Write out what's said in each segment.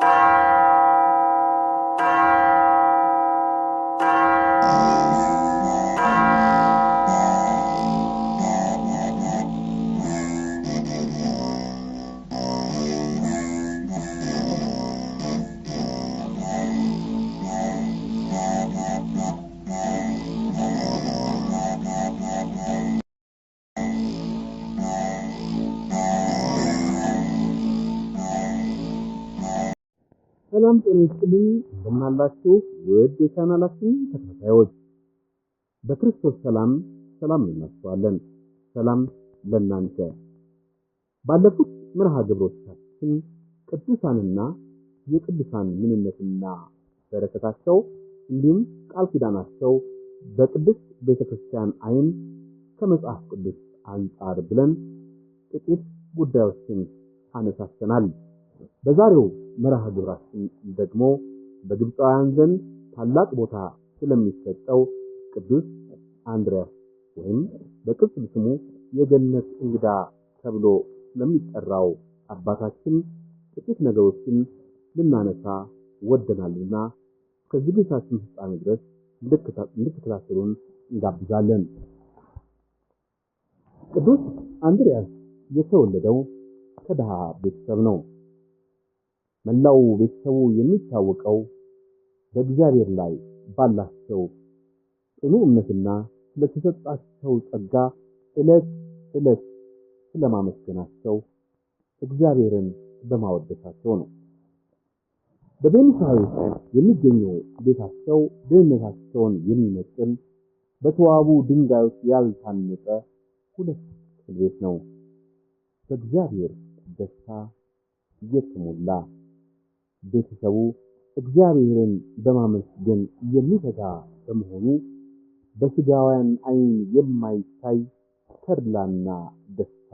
you ሰላም ጤና ይስጥልኝ። እንደምናላችሁ ውድ የቻናላችን ተከታታዮች በክርስቶስ ሰላም ሰላም እንላችኋለን። ሰላም ለእናንተ። ባለፉት መርሃ ግብሮቻችን ቅዱሳንና የቅዱሳን ምንነትና በረከታቸው እንዲሁም ቃል ኪዳናቸው በቅድስት ቤተክርስቲያን አይን ከመጽሐፍ ቅዱስ አንጻር ብለን ጥቂት ጉዳዮችን አነሳስተናል። በዛሬው መርሃ ግብራችን ደግሞ በግብፃውያን ዘንድ ታላቅ ቦታ ስለሚሰጠው ቅዱስ አንድሪያስ ወይም በቅጽል ስሙ የገነት እንግዳ ተብሎ ስለሚጠራው አባታችን ጥቂት ነገሮችን ልናነሳ ወደናልና እስከ ፍጻሜ ድረስ እንድትከታተሉን እንጋብዛለን። ቅዱስ አንድሪያስ የተወለደው ከድሃ ቤተሰብ ነው። መላው ቤተሰቡ የሚታወቀው በእግዚአብሔር ላይ ባላቸው ጽኑ እምነትና ስለተሰጣቸው ጸጋ ዕለት ዕለት ስለማመስገናቸው እግዚአብሔርን በማወደሳቸው ነው። በቤኒሳዊ የሚገኘው ቤታቸው ድህነታቸውን የሚመጥን በተዋቡ ድንጋዮች ያልታነጸ ሁለት ክፍል ቤት ነው። በእግዚአብሔር ደስታ የተሞላ ቤተሰቡ እግዚአብሔርን በማመስገን የሚተጋ በመሆኑ በስጋውያን ዓይን የማይታይ ተድላና ደስታ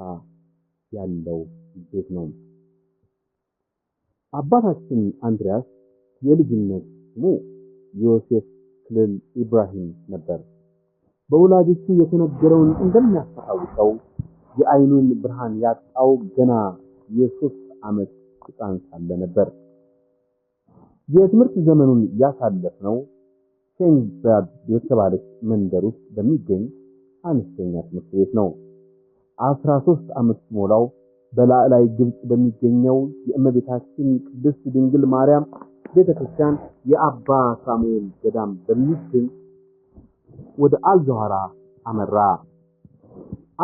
ያለው ቤት ነው። አባታችን አንድሪያስ የልጅነት ስሙ ዮሴፍ ክልል ኢብራሂም ነበር። በወላጆቹ የተነገረውን እንደሚያስታውሰው የዓይኑን ብርሃን ያጣው ገና የሶስት ዓመት ሕፃን ሳለ ነበር። የትምህርት ዘመኑን ያሳለፍነው ሴንግባድ የተባለች መንደር ውስጥ በሚገኝ አነስተኛ ትምህርት ቤት ነው። አስራ ሦስት ዓመት ሞላው በላዕላይ ግብፅ በሚገኘው የእመቤታችን ቅድስት ድንግል ማርያም ቤተ ክርስቲያን የአባ ሳሙኤል ገዳም በሚገኝ ወደ አልዛዋራ አመራ።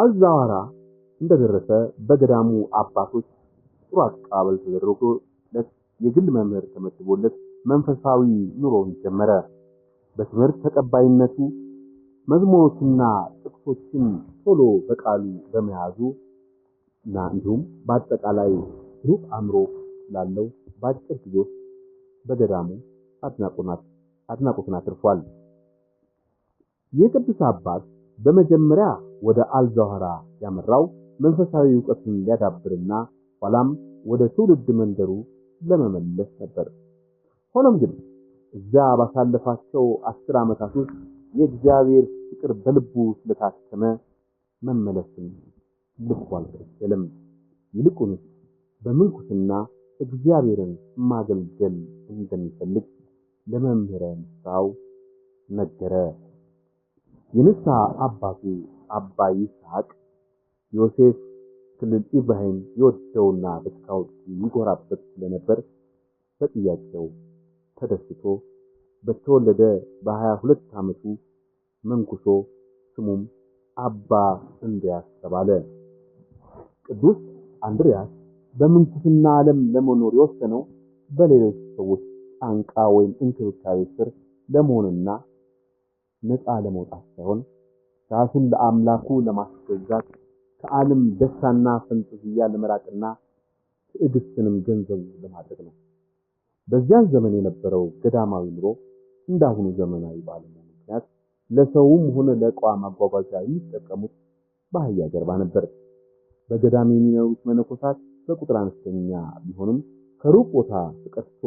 አልዛዋራ እንደደረሰ በገዳሙ አባቶች ጥሩ አቀባበል ተደረጎ የግል መምህር ተመድቦለት መንፈሳዊ ኑሮውን ጀመረ። በትምህርት ተቀባይነቱ መዝሙሮችና ጥቅሶችን ቶሎ በቃሉ በመያዙ እና እንዲሁም በአጠቃላይ ሩቅ አእምሮ ስላለው በአጭር ጊዜ ውስጥ በገዳሙ አድናቆትን አትርፏል። የቅዱስ አባት በመጀመሪያ ወደ አልዛኋራ ያመራው መንፈሳዊ እውቀትን ሊያዳብርና ኋላም ወደ ትውልድ መንደሩ ለመመለስ ነበር። ሆኖም ግን እዛ ባሳለፋቸው አስር ዓመታት ውስጥ የእግዚአብሔር ፍቅር በልቡ ስለታተመ መመለስን ልቡ አልገደለም። ይልቁን በምንኩስና እግዚአብሔርን ማገልገል እንደሚፈልግ ለመምህረ ንስሐው ነገረ። የንስሐ አባቱ አባ ይስሐቅ ዮሴፍ ክልል ኢብራሂም ይወደውና በስካውት ይጎራበት ስለነበር በጥያቄው ተደስቶ በተወለደ በ ሁለት ዓመቱ መንኩሶ ስሙም አባ እንድርያስ ተባለ። ቅዱስ አንድርያስ በምንኩስና ዓለም ለመኖር የወሰነው በሌሎች ሰዎች ጫንቃ ወይም እንክብካቤ ስር ለመሆንና ነፃ ለመውጣት ሳይሆን ራሱን ለአምላኩ ለማስገዛት ከዓለም ደስታና ፈንጠዝያ ለመራቅና ትዕግስትንም ገንዘቡ ለማድረግ ነው። በዚያን ዘመን የነበረው ገዳማዊ ኑሮ እንዳሁኑ ዘመናዊ ባለመሆኑ ምክንያት ለሰውም ሆነ ለዕቃ ማጓጓዣ የሚጠቀሙት በአህያ ጀርባ ነበር። በገዳም የሚኖሩት መነኮሳት በቁጥር አነስተኛ ቢሆንም ከሩቅ ቦታ ተቀድቶ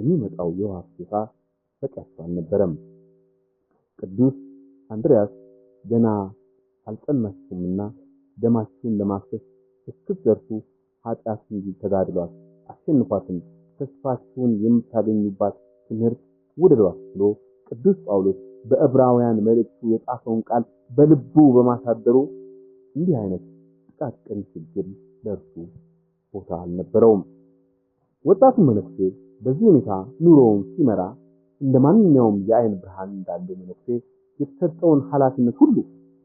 የሚመጣው የውሃ ፍጆታ በቂያቸው አልነበረም። ቅዱስ አንድርያስ ገና አልጸናችሁምና ደማችሁን ለማፍሰስ እስክትደርሱ ኃጢአትን ተጋድሏት አሸንፏትም፣ ተስፋችሁን የምታገኙባት ትምህርት ውደዷት ብሎ ቅዱስ ጳውሎስ በዕብራውያን መልእክቱ የጻፈውን ቃል በልቡ በማሳደሩ እንዲህ አይነት ጥቃቅን ችግር ለእርሱ ቦታ አልነበረውም። ወጣቱ መነኩሴ በዚህ ሁኔታ ኑሮውን ሲመራ እንደ ማንኛውም የአይን ብርሃን እንዳለው መነኩሴ የተሰጠውን ኃላፊነት ሁሉ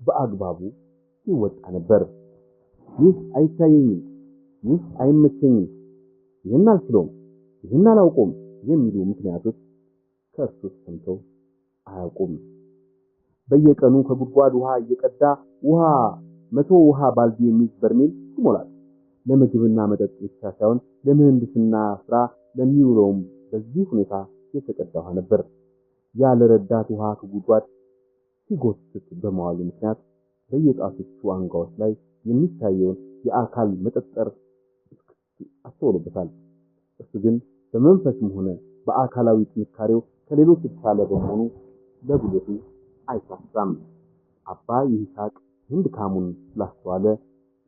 በአግባቡ ይወጣ ነበር። ይህ አይታየኝም፣ ይህ አይመቸኝም፣ ይህን አልችለውም፣ ይህን አላውቀውም የሚሉ ምክንያቶች ከእርሱ ሰምተው አያውቁም። በየቀኑ ከጉድጓድ ውሃ እየቀዳ ውሃ መቶ ውሃ ባልዲ የሚይዝ በርሜል ይሞላል። ለምግብና መጠጥ ብቻ ሳይሆን ለምህንድስና ስራ ለሚውለውም በዚህ ሁኔታ የተቀዳ ውሃ ነበር። ያለ ረዳት ውሃ ከጉድጓድ ሲጎትት በመዋሉ ምክንያት በየጣቶቹ አንጓዎች ላይ የሚታየውን የአካል መጠጠር አስተውሎበታል። እሱ ግን በመንፈስም ሆነ በአካላዊ ጥንካሬው ከሌሎች የተሻለ በመሆኑ ለጉልበቱ አይሳሳም። አባ ይስሐቅ ህንድ ካሙን ስላስተዋለ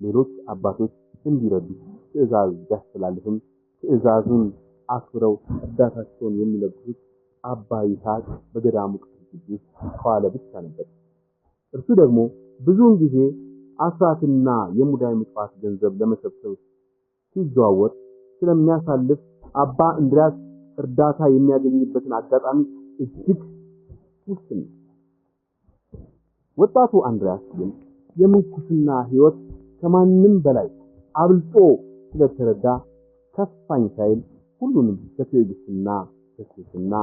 ሌሎች አባቶች እንዲረዱት ትእዛዝ ቢያስተላልፍም ትእዛዙን አክብረው እርዳታቸውን የሚለግሱት አባ ይስሐቅ በገዳሙ ቅጽር ውስጥ ከዋለ ብቻ ነበር። እርሱ ደግሞ ብዙውን ጊዜ አስራትና የሙዳይ ምጽዋት ገንዘብ ለመሰብሰብ ሲዘዋወር ስለሚያሳልፍ አባ እንድሪያስ እርዳታ የሚያገኝበትን አጋጣሚ እጅግ ውስን ነው። ወጣቱ አንድሪያስ ግን የምንኩስና ሕይወት ከማንም በላይ አብልጦ ስለተረዳ ከፋኝ ሳይል ሁሉንም በትዕግስትና በትህትና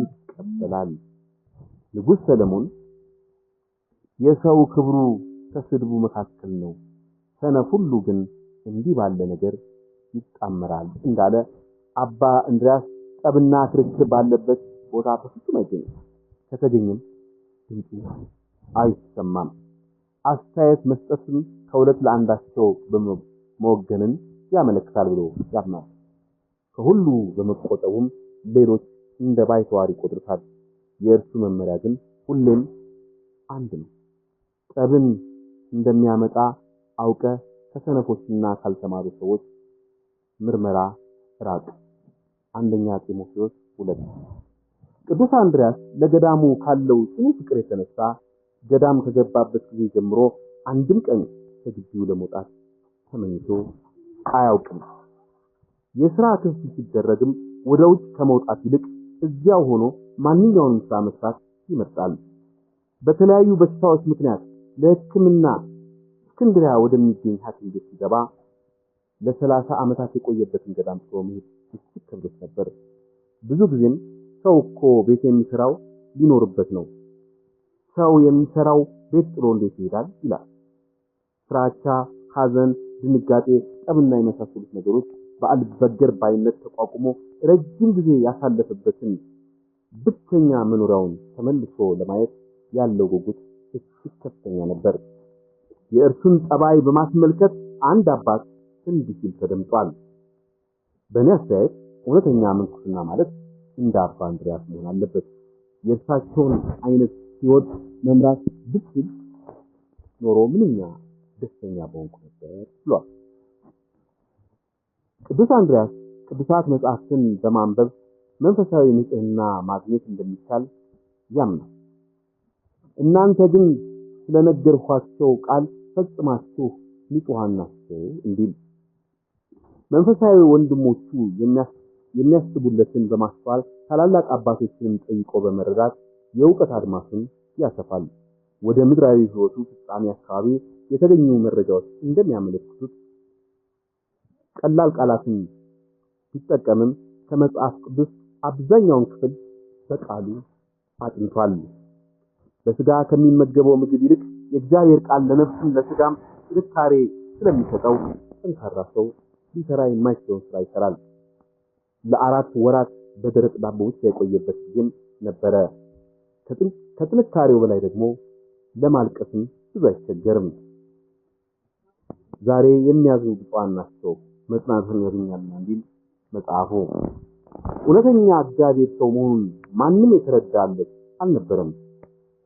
ይቀበላል። ንጉሥ ሰለሞን የሰው ክብሩ ከስድቡ መካከል ነው። ሰነፍ ሁሉ ግን እንዲህ ባለ ነገር ይጣመራል እንዳለ አባ እንድርያስ ጠብና ክርክር ባለበት ቦታ በፍጹም አይገኝም። ከተገኘም ድምፁ አይሰማም። አስተያየት መስጠትም ከሁለት ለአንዳቸው በመወገንን ያመለክታል ብሎ ያምናል። ከሁሉ በመቆጠቡም ሌሎች እንደ ባይተዋር ይቆጥሩታል። የእርሱ መመሪያ ግን ሁሌም አንድ ነው። ጠብን እንደሚያመጣ አውቀ ከሰነፎችና ካልተማሩ ሰዎች ምርመራ ራቅ። አንደኛ ጢሞቴዎስ ሁለት ቅዱስ አንድሪያስ ለገዳሙ ካለው ጽኑ ፍቅር የተነሳ ገዳም ከገባበት ጊዜ ጀምሮ አንድም ቀን ከግቢው ለመውጣት ተመኝቶ አያውቅም። የሥራ ክፍት ሲደረግም ወደ ውጭ ከመውጣት ይልቅ እዚያው ሆኖ ማንኛውንም ሥራ መስራት ይመርጣል። በተለያዩ በሽታዎች ምክንያት ለሕክምና እስክንድሪያ ወደሚገኝ ሐኪም ቤት ሲገባ ለሰላሳ ዓመታት የቆየበትን ገዳም ጥሎ መሄድ እጅግ ከብዶት ነበር። ብዙ ጊዜም ሰው እኮ ቤት የሚሰራው ሊኖርበት ነው፣ ሰው የሚሰራው ቤት ጥሎ እንዴት ይሄዳል ይላል። ፍራቻ፣ ሐዘን፣ ድንጋጤ፣ ጠብና የመሳሰሉት ነገሮች በአልበገር ባይነት ተቋቁሞ ረጅም ጊዜ ያሳለፈበትን ብቸኛ መኖሪያውን ተመልሶ ለማየት ያለው ጉጉት እጅግ ከፍተኛ ነበር። የእርሱን ጠባይ በማስመልከት አንድ አባት እንዲህ ሲል ተደምጧል። በእኔ አስተያየት እውነተኛ ምንኩስና ማለት እንደ አባ እንድሪያስ መሆን አለበት። የእርሳቸውን አይነት ሲወድ መምራት ብችል ኖሮ ምንኛ ደስተኛ በሆንኩ ነበር ብሏል። ቅዱስ አንድሪያስ ቅዱሳት መጽሐፍትን በማንበብ መንፈሳዊ ንጽህና ማግኘት እንደሚቻል ያምናል። እናንተ ግን ስለነገርኳቸው ቃል ፈጽማችሁ ንጹሐን ናችሁ እንዲል መንፈሳዊ ወንድሞቹ የሚያስቡለትን በማስተዋል ታላላቅ አባቶችንም ጠይቆ በመረዳት የእውቀት አድማሱን ያሰፋል። ወደ ምድራዊ ሕይወቱ ፍጻሜ አካባቢ የተገኙ መረጃዎች እንደሚያመለክቱት ቀላል ቃላትን ቢጠቀምም ከመጽሐፍ ቅዱስ አብዛኛውን ክፍል በቃሉ አጥንቷል። በስጋ ከሚመገበው ምግብ ይልቅ የእግዚአብሔር ቃል ለነፍስም ለስጋም ጥንካሬ ስለሚሰጠው ጠንካራ ሰው ሊሰራ የማይችለውን ስራ ይሰራል። ለአራት ወራት በደረቅ ዳቦ ብቻ የቆየበት ጊዜም ነበረ። ከጥንካሬው በላይ ደግሞ ለማልቀስም ብዙ አይቸገርም። ዛሬ የሚያዝኑ ብፁዓን ናቸው መጽናናትን ያገኛልና እንዲል መጽሐፉ። እውነተኛ እግዚአብሔር ሰው መሆኑን ማንም የተረዳለት አልነበረም።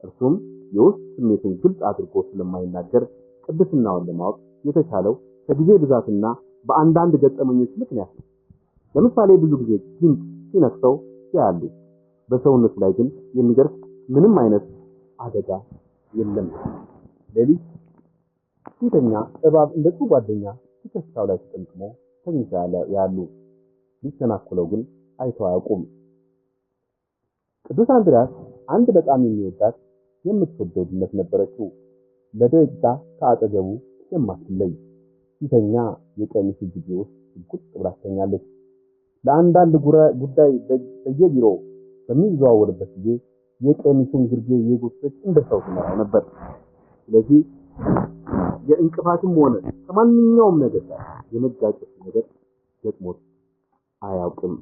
እርሱም የውስጥ ስሜቱን ግልጽ አድርጎ ስለማይናገር ቅድስናውን ለማወቅ የተቻለው ከጊዜ ብዛትና በአንዳንድ ገጠመኞች ምክንያት ነው። ለምሳሌ ብዙ ጊዜ ጊንጥ ሲነክሰው ያያሉ። በሰውነት ላይ ግን የሚደርስ ምንም አይነት አደጋ የለም። ሌሊት ሲተኛ እባብ እንደ ጓደኛ ትከሻው ላይ ተጠምጥሞ ተኝቶ ያሉ፣ ሊሰናክለው ግን አይተው አያውቁም። ቅዱስ አንድሪያስ አንድ በጣም የሚወዳት የምትወደው ድመት ነበረችው። ለደቂቃ ከአጠገቡ የማትለይ ፊተኛ የቀሚሱ ጊዜ ውስጥ ሽጉጥ ብላ ትተኛለች። ለአንዳንድ ጉዳይ በየቢሮ በሚዘዋወርበት ጊዜ የቀሚሱን ግርጌ የጎተተች እንደ ሰው ትመራው ነበር። ስለዚህ የእንቅፋትም ሆነ ከማንኛውም ነገር ጋር የመጋጨት ነገር ገጥሞት አያውቅም።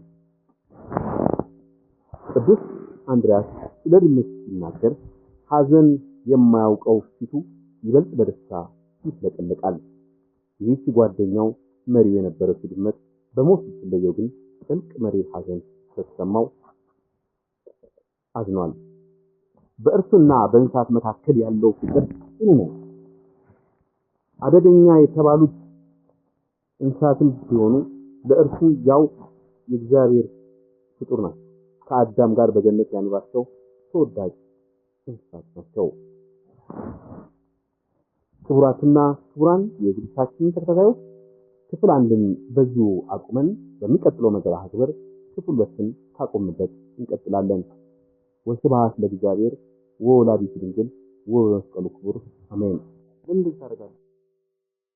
ቅዱስ አንድሪያስ ስለ ድመት ሲናገር ሐዘን የማያውቀው ፊቱ ይበልጥ በደስታ ይፍለቀለቃል። ይህች ጓደኛው መሪው የነበረችው ድመት በሞት ስትለየው ግን ጥልቅ መሪር ሐዘን ስለተሰማው አዝኗል። በእርሱና በእንስሳት መካከል ያለው ፍቅር ጽኑ ነው። አደገኛ የተባሉት እንስሳትም ሲሆኑ ለእርሱ ያው የእግዚአብሔር ፍጡር ናቸው። ከአዳም ጋር በገነት ያኖራቸው ተወዳጅ እንስሳት ናቸው። ክቡራትና ክቡራን የዝግጅታችን ተከታታዮች ክፍል አንድን በዚሁ አቁመን በሚቀጥለው መርሃ ክብር ክፍል ሁለትን ካቆምበት እንቀጥላለን። ወስብሐት ለእግዚአብሔር ወወላዲቱ ድንግል ወበመስቀሉ ክቡር አሜን። ምን ታደርጋለህ?